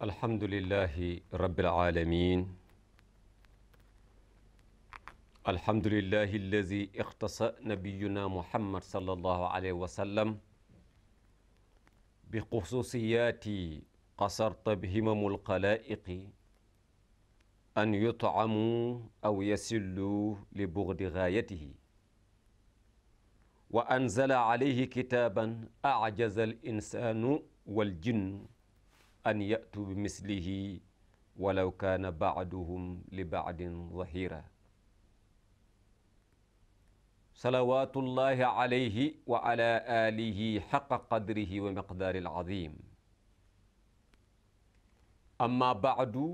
alhamdulillahi rabbil aalamiin alhamdulillahi allazi ixtasa nabiyuna muhammad sallallahu alayhi wa sallam bi xusuusiyaati qasarta bihimamul xalaa'iqi an yut'amu aw yasillu li bugdi gaayatihi wa anzala alayhi kitaaban ajaza al insaanu wal jinnu an yatu bi mislihi walaw kaana baaduhum li baadin zahira salawaatullahi alayhi wa ala alihi xaqa qadrihi wa miqdaari alazim amma baadu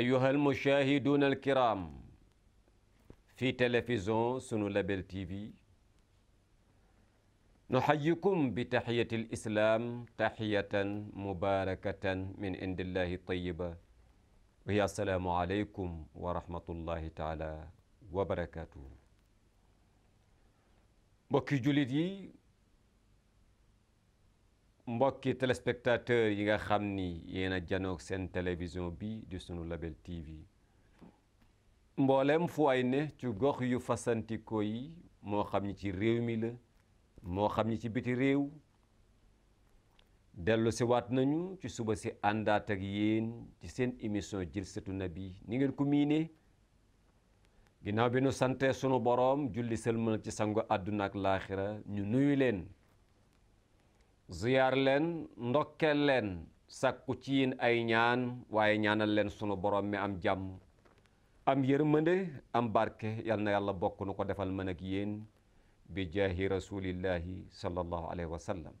ayuha almushaahiduuna alkiram fii télévision sunu label tv nuxayikum bi taxiyati l islaam taxiyatan mubarakatan min indillahi tayiba wahiya assalaamu aleykum wa rahmatullahi taala wa barakatuhu mbokki jullit yi mbokki téléspectateur yi nga xam ni yéen a janoog seen télévision bi di sunu label tv mboolem fu waay ne ci gox yu fasantikoo yi moo xam ni ci réew mi la moo xam ñi ci biti réew dellu waat nañu ci suba si àndaat ak yéen ci seen émission Jilsatu Nabi ni ngeen ko miinee ginnaaw bi nu sante sunu boroom julli sëlmal ci sangu àdduna ak laaxira ñu nuyu leen ziyaar leen ndokkeel leen sàkku ci yéen ay ñaan waaye ñaanal leen sunu boroom mi am jàmm am yërmande am barke yal na yàlla bokk nu ko defal mën ak yéen bi jaahi rasulillahi sallallahu alayhi wa sallam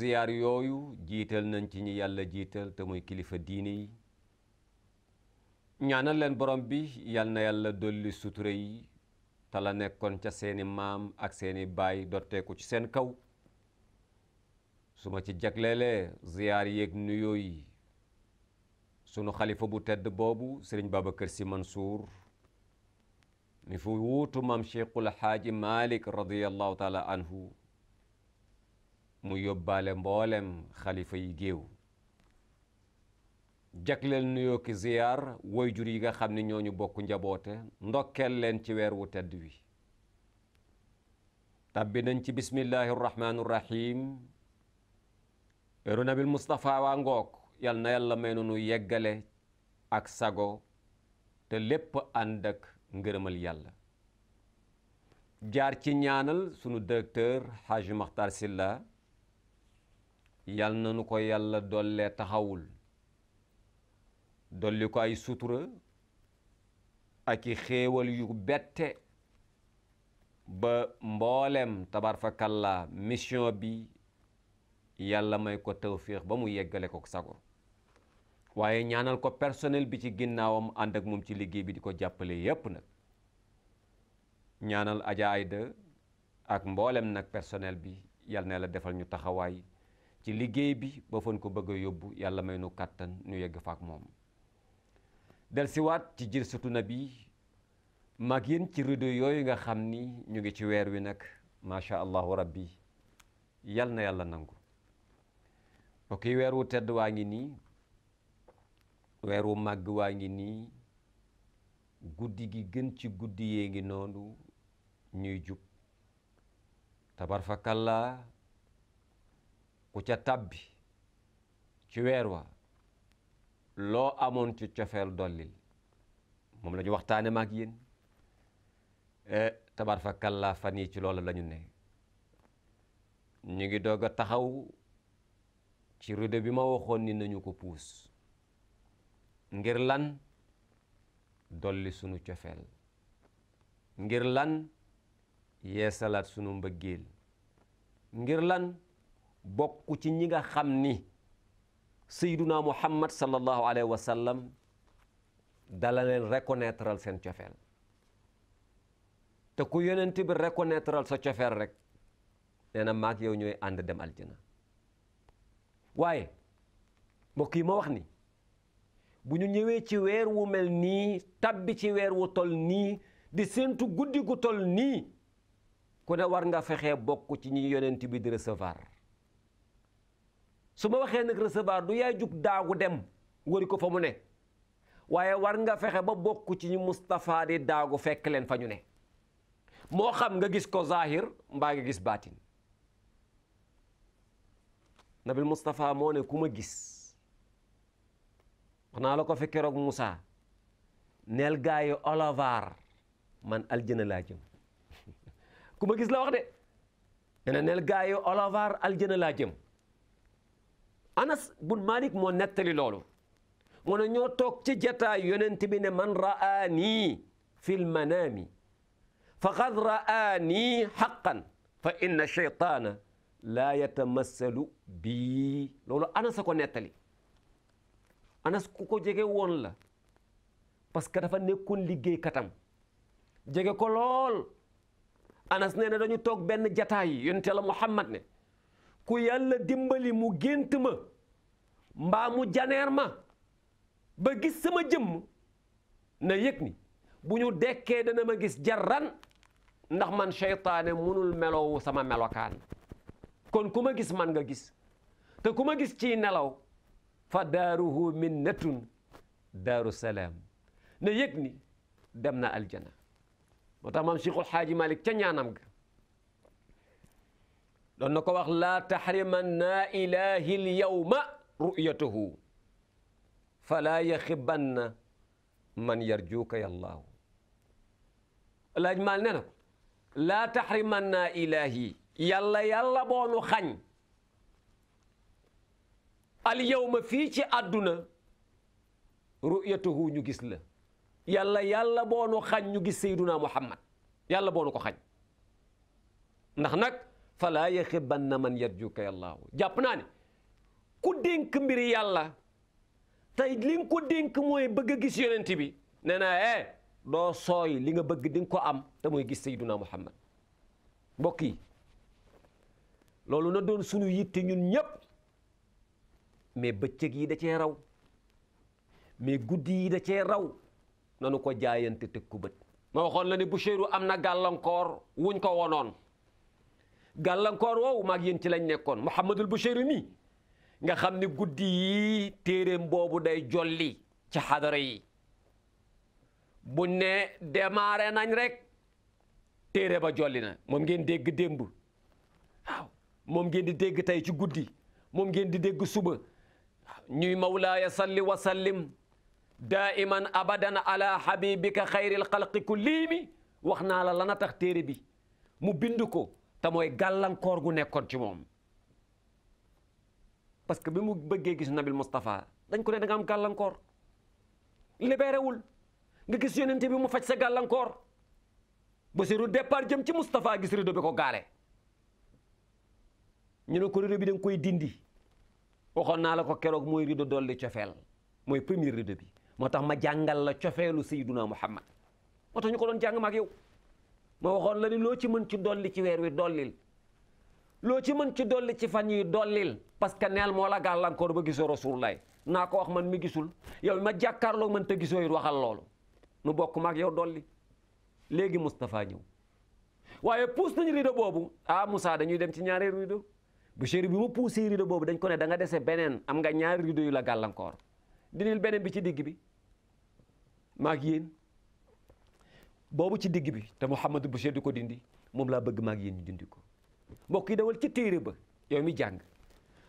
ziyaar yooyu jiital nañ ci ñi yàlla jiital te muy kilifa diini yi ñaanal leen borom bi yal yàlla dolli sutura yi te la nekkoon ca seeni maam ak seeni baay dotteeku ci seen kaw su ma ci jagleelee ziyaar yeeg nuyoo yi sunu xalifa bu tedd boobu sëriñ Babacar Sy Mansour ni fi wuutu maam Cheikhul Xaaji Malik radiyallahu taala anhu mu yóbbaale mboolem xalifa yi géew jagleel nuyoo ki ziyaar woyjur yi nga xam ne ñooñu bokk njaboote ndokkeel leen ci weer wu tedd wi tabbi nañ ci bismillahi rahmaani rahim weeru nabil Moustapha waa ngoog yal na yàlla may nu nu yeggale ak sago te lépp ànd ak ngërëmal yàlla jaar ci ñaanal sunu directeur Haji Makhtar Silla yal na nu ko yàlla dollee taxawul dolli ko ay sutura ak i xéewal yu bette ba mboolem tabarfakalla mission bi yàlla may ko tawfiix ba mu yeggale ko sago waaye ñaanal ko personnel bi ci ginnaawam ànd ak moom ci liggéey bi di ko jàppale yépp nag ñaanal Adja ak mboolem nag personnel bi yal na la defal ñu taxawaay ci liggéey bi ba fan ko bëgg a yóbbu yàlla may nu kàttan nu yegg fa ak moom delsiwaat ci Diërsatu bi mag yéen ci rido yooyu nga xam ni ñu ngi ci weer wi nag macha allahu rabbi yal na yàlla nangu mbokk weer wu tedd waa ngi nii weer wu màgg waa ngi nii guddi gi gën ci guddi yee ngi noonu ñuy jub tabarfakalla ku ca tàbbi ci weer wa loo amoon ci cofeel dollil moom la ñu waxtaane maag yéen e, tabarfakalla fan yi ci loolu lañu ne ñu ngi doog a taxaw ci rideau bi ma waxoon ni nañu ko puus ngir lan dolli sunu cofeel ngir lan yeesalaat sunu mbëggeel ngir lan bokk ci ñi nga xam ni sayduna muhammad sallallahu alayhi wa sallam dala leen seen cofeel te ku yonent bi reconnaître sa cofeel rek nee na maag yow ñooy ànd dem aljana waaye mbokk yi ma wax ni bu ñu ñëwee ci weer wu mel nii tabbi ci weer wu tol nii di séentu guddi gu tol nii ku ne war nga fexe bokk ci ñi yonent bi di recevoir su ma waxee nag recevoir du yaay jug daagu dem wari ko fa mu ne waaye war nga fexe ba bokk ci ñu Moustapha di daagu fekk leen fa ñu ne moo xam nga gis ko zahir mbaa nga gis baatin nabil Moustapha moo ne ku ma gis wax la ko fi keroog Moussa neel gaa yi man aljana laa jëm ku ma gis la wax de nena neel gaa yi olovaar aljana laa jëm Anas bun Malik moo nettali loolu mu ñoo toog ci jataay yonent ne man ra'aanii fil manaami faqad ra'aanii haqqan fa inna shaytaana laa yatamassalu bii loolu Anas a nettali anas ku ko jege woon la parce que dafa nekkoon liggéey katam jege ko lool anas nee na dañu toog benn jataay yi yonent la muhammad ne ku yàlla dimbali mu gént ma mbaamu janeer ma ba gis sama jëmm na yëg ni bu ñu dekkee dana ma gis jarran ndax man seytaane munul melowu sama melokaan kon ku ma gis man nga gis te ku ma gis ciy nelaw fa daaruhu minnatun daaru salaam na yëg ni dem na aljana moo tax maam Cheikhul Xaaji Malik ca ñaanam ga doon na ko wax laa taxrimanna ilahi lyawma ru'yatahu falaa yaxibanna man yarjuuka yallaahu laaj maal ne na ko laa taxrimanna ilahi yàlla yàlla boonu xañ al fii ci àdduna ru'yatuhu ñu gis la yàlla yàlla boo nu xañ ñu gis sayduna muhammad yàlla boo nu ko xañ ndax nag falaa yaxibanna man yarjuka yàllaahu jàpp naa ne ku dénk mbir yàlla tey li nga ko dénk mooy bëgg a gis yonent bi nee naa eh doo sooy li nga bëgg di ko am te mooy gis sayduna muhammad mbokk yi loolu na doon sunu yitte ñun ñëpp mais bëccëg yi da cee raw mais guddi yi da cee raw nanu ko jaayante teg ku bët ma waxoon la ne Boucherou am na gàllankoor wuñ ko wonoon gàllankoor woowu mag yéen ci lañ nekkoon Mouhamadul Boucherou mi nga xam ne guddi yi téeréem boobu day jolli ci xadara yi buñ ne démarré nañ rek téere ba jolli na moom ngeen dégg démb waaw moom geen di dégg tey ci guddi moom ngeen di dégg suba ñuy mawlaaya salli wa sallim daiman abadan ala habibika xayril xalqi kullihimi wax naa la lana tax téere bi mu bind ko te mooy gàllankoor gu nekkoon ci moom parce que bi mu bëggee gis bi Moustapha dañ ko ne da nga am gàllankoor libéré wul nga gis yonent bi mu faj sa gàllankoor Basiru départ jëm ci Moustapha gis rido bi ko gaale ñu ne ko rido bi da koy dindi waxoon naa la ko keroog mooy rido dolli cofeel mooy premier rido bi moo tax ma jàngal la cofeelu sayyiduna muhammad moo tax ñu ko doon jàng mag yow ma waxoon la ni loo ci mën ci dolli ci weer wi dollil loo ci mën ci dolli ci fan yi dollil parce que neel moo la gàllankoor ba gisoo rasulullah naa ko wax man mi gisul yow ma jàkkaarloo man te gisoo it waxal loolu nu bokk mag yow dolli léegi Moustapha ñëw waaye puus nañu rido boobu ah Moussa dañuy dem ci ñaareelu rido bu boucherie bi mu poussé rideau boobu dañ ko ne da nga dese beneen am nga ñaari rideau yu la gàllankoor dinil beneen bi ci digg bi maag yéen boobu ci digg bi te bu Boucher di ko dindi moom laa bëgg maag yéen ñu dindi ko mbokk yi dawal ci téere ba yow mi jàng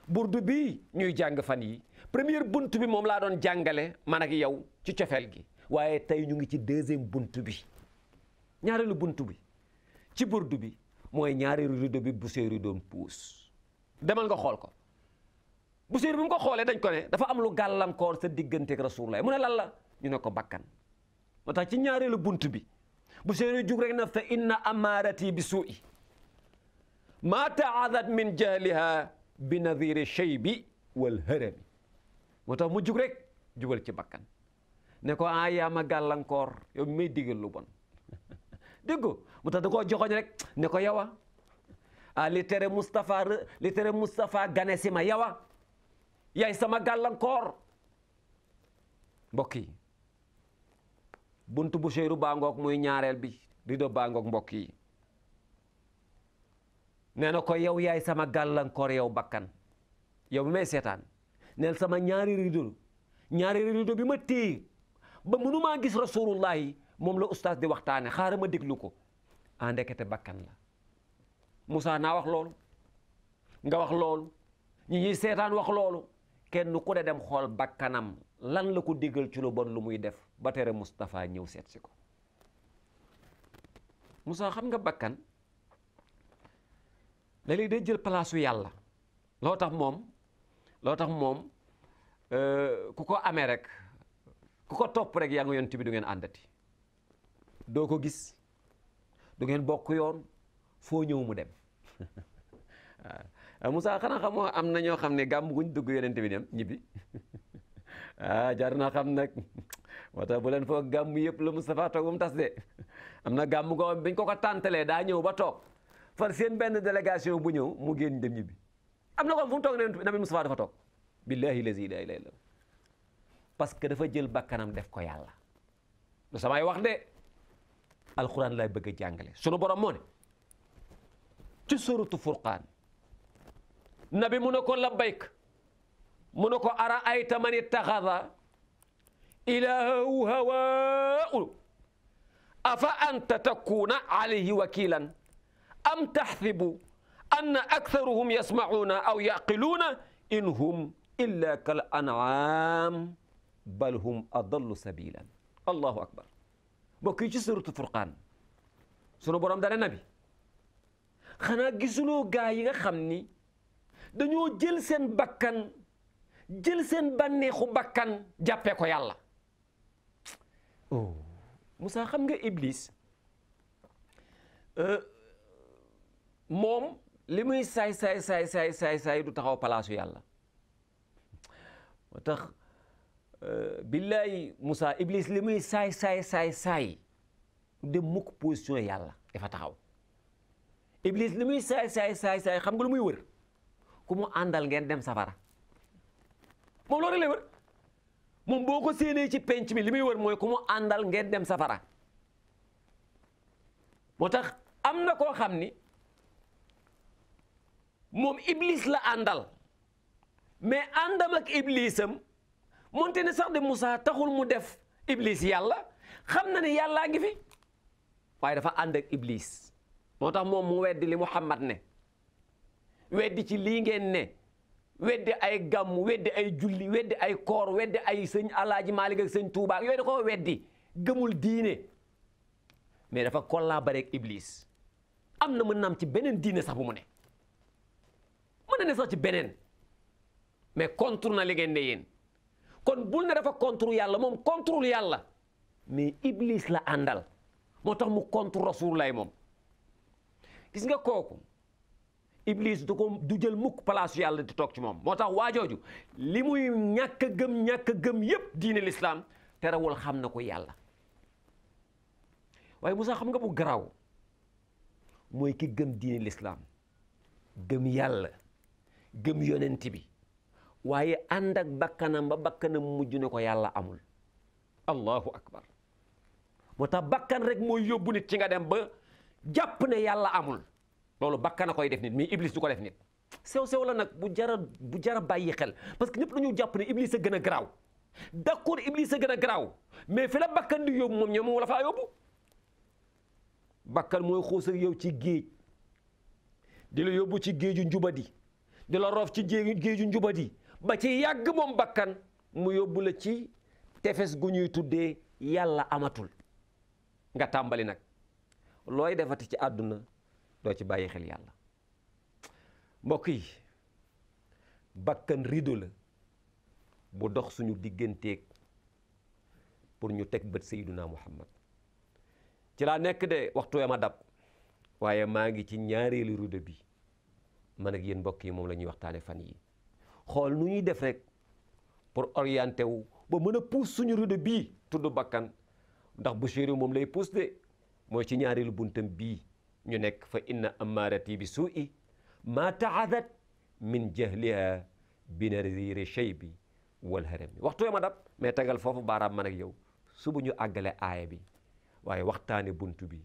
burdu bi ñuy jàng fan yi première bunt bi moom laa doon jàngale man ak yow ci cofeel gi waaye tey ñu ngi ci deuxième bunt bi ñaareelu bunt bi ci burdu bi mooy ñaareelu rideau bi Boucher doon puus demal nga xool ko bu bi mu ko xoolee dañ ko dafa am lu gàllankoor sa digganteeg Rasulullah mu ne lan la ñu ne ko bakkan moo tax ci ñaareelu bunt bi bu yu jug rek na fa inna amaarati bi suu'i maa taadat min jahliha bi nadiri shaybi wal harami moo tax mu jug rek jubal ci bakkan ne ko a ah, yaa ma gàllankoor yow mi may digal lu bon dégg mu tax da koo joxoñ rek ne ko yow ah, Ah, li tere Moustapha li tere Moustapha gane si ma yawa yaay sama gàllankoor mbokk yi bunt bu séeru bangoog muy ñaareel bi rido bangoog mbokk yi nee na ko yow yaay sama gàllankoor yow bakkan yow bi may seetaan neel sama ñaari rido ñaari rido bi ma téye ba maa gis rasulullahi moom la ustaas di waxtaane xaaral ma déglu ko en ah, ndekete bakkan la Moussa naa wax loolu nga wax loolu ñi ñuy seetaan wax loolu kenn ku ne dem xool bakkanam lan la ko diggal ci lu bon lu muy def ba tere Moustapha ñëw seet si ko musa xam nga bakkan léeg-léeg day jël palaasu yàlla loo tax moom loo tax moom euh, ku ko amee rek ku ko topp rek yaa ngi bi du ngeen àndati doo ko gis du ngeen bokk yoon foo ñëw mu dem waaw ah. ah, Moussa xanaa xamoo am na ñoo xam ne gàmm guñ dugg yonent bi dem ñibbi ah jar na xam nag moo bu leen foog gàmm yëpp la Moustapha toog ba mu tas de am na gàmm goo biñ ko ko tàntalee daa ñëw ba toog far seen benn délégation bu ñëw mu génn dem ñibbi am na kon fu mu toog ne nabi Moustapha dafa toog billahi lazi la ilaha illa parce que dafa jël bakkanam def ko yàlla lu samay wax de alxuraan lay bëgg a jàngale sunu borom moo ne ci suratu furqaan nabi mu ne ko labbayk mu ne ko ara ayta man ittaxada ilaahu hawaau afa anta takuuna alayhi wakiilan am taxsibu anna aktaruhum yasmacuuna aw yaqiluuna in hum illa kal an'aam bal hum adallu sabilan allahu akbar bokk yi ci suratu furqaan sunu borom dane nabi xanaa gisuloo gaa yi nga xam ni dañoo jël seen bakkan jël seen bànneexu bakkan jàppee ko yàlla oh Moussa xam nga Iblis euh, moom li muy saay saay saay saay saay saay du taxaw palaasu yàlla moo tax euh, billaay Moussa Iblis li muy saay saay saay saay dem mukk position yàlla dafa taxaw iblis li muy saay saay saay saay xam nga lu muy wër ku mu àndal ngeen dem safara moom loolu lay wër moom boo ko séenee ci penc mi li muy wër mooy ku mu àndal ngeen dem safara moo tax am na koo xam ni moom iblis la àndal mais àndam ak iblisam moonte ne sax de Moussa taxul mu def iblis yàlla xam na ne yàllaa ngi fi waaye dafa ànd iblis moo tax moom mu weddi li Muhammad ne weddi ci lii ngeen ne weddi ay gàmm weddi ay julli weddi ay koor weddi ay sëñ alaaji Maalik sëñ Tuubaa yooyu da ko weddi gëmul diine mais dafa collaborer ak Iblis am na mën nam ci beneen diine sax bu mu ne mën na ne sax ci beneen mais contre na li ngeen ne yéen kon bul ne dafa contre yàlla moom contrôle yàlla mais Iblis la àndal moo tax mu contre Rasulullah moom gis nga kooku Iblis du ko du jël mukk palaasu yàlla di toog ci moom moo tax waajooju li muy ñàkk gëm ñàkk a gëm yépp diine lislaam terewul xam na ko yàlla waaye Moussa xam nga bu garaaw mooy ki gëm diine lislaam gëm yàlla gëm yonent bi waaye ànd ak bakkanam ba bakkanam mujj ne ko yàlla amul allahu akbar moo tax bakkan rek mooy yóbbu nit ci nga dem ba jàpp ne yàlla amul loolu bakkan a koy def nit mais iblis du ko def nit sew sew la nag bu jara bu jara bàyyi xel parce que ñëpp dañu jàpp ne iblis a gën a garaaw d'accord iblis a gën a garaaw mais fi la bakkan di yóbbu moom ñoom moo la faa yóbbu bakkan mooy xuus yow ci géej di la yóbbu ci géeju njubadi di la roof ci géeju njubadi ba ci yàgg moom bakkan mu yóbbu la ci tefes gu ñuy tuddee yàlla amatul nga tàmbali nag looy defate ci àdduna doo ci bàyyi xel yàlla mbokk yi bakkan rido la bu dox suñu digganteeg pour ñu teg bët sayyiduna muhammad ci laa nekk de waxtu ma dab waaye maa ngi ci ñaareelu rido bi man ak yéen mbokk yi moom la ñuy waxtaane fan yi xool nu ñuy def rek pour orienté wu ba mën a puus suñu rido bi tudd bakkan ndax bu Busiri moom lay puus de mooy ci ñaareelu buntam bii ñu nekk fa inna amaarati bi suu'i maa taadat min jahliha bi naziri chey bi wal haram bi waxtu ma dab mais tegal foofu baaraam man ak yow subu ñu àggale aaya bi waaye waxtaane bunt bi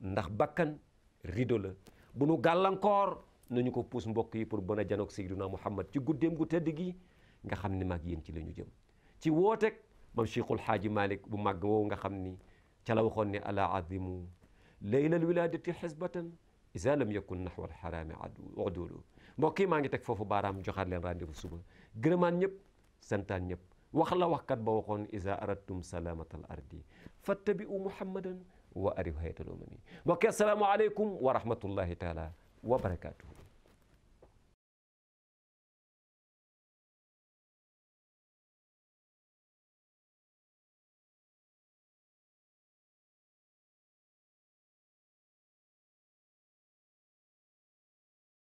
ndax bakkan rido la bu nu gàllankoor nañu ko puus mbokk yi pour bën a janoog Seydina Muhammad ci guddeem gu tëdd gi nga xam ni maag yéen ci la ñu jëm ci wooteeg mam Cheikhul Xaaji Malik bu màgg wow nga xam ni ca la waxoon ne ala azimu laylal wiladati xisbatan isa lam yakun naxwa alxaraami adulu mbokk yi maa ngi teg foofu baaraam joxaat leen rendez-vous suba gërëmaan ñëpp santaan ñëpp wax la waxkat ba waxoon isa aradtum salaamata al ardi fattabi'u muhammadan wa arib hayatal umami mbokk assalaamu aleykum wa rahmatullahi taala wa barakaatuhu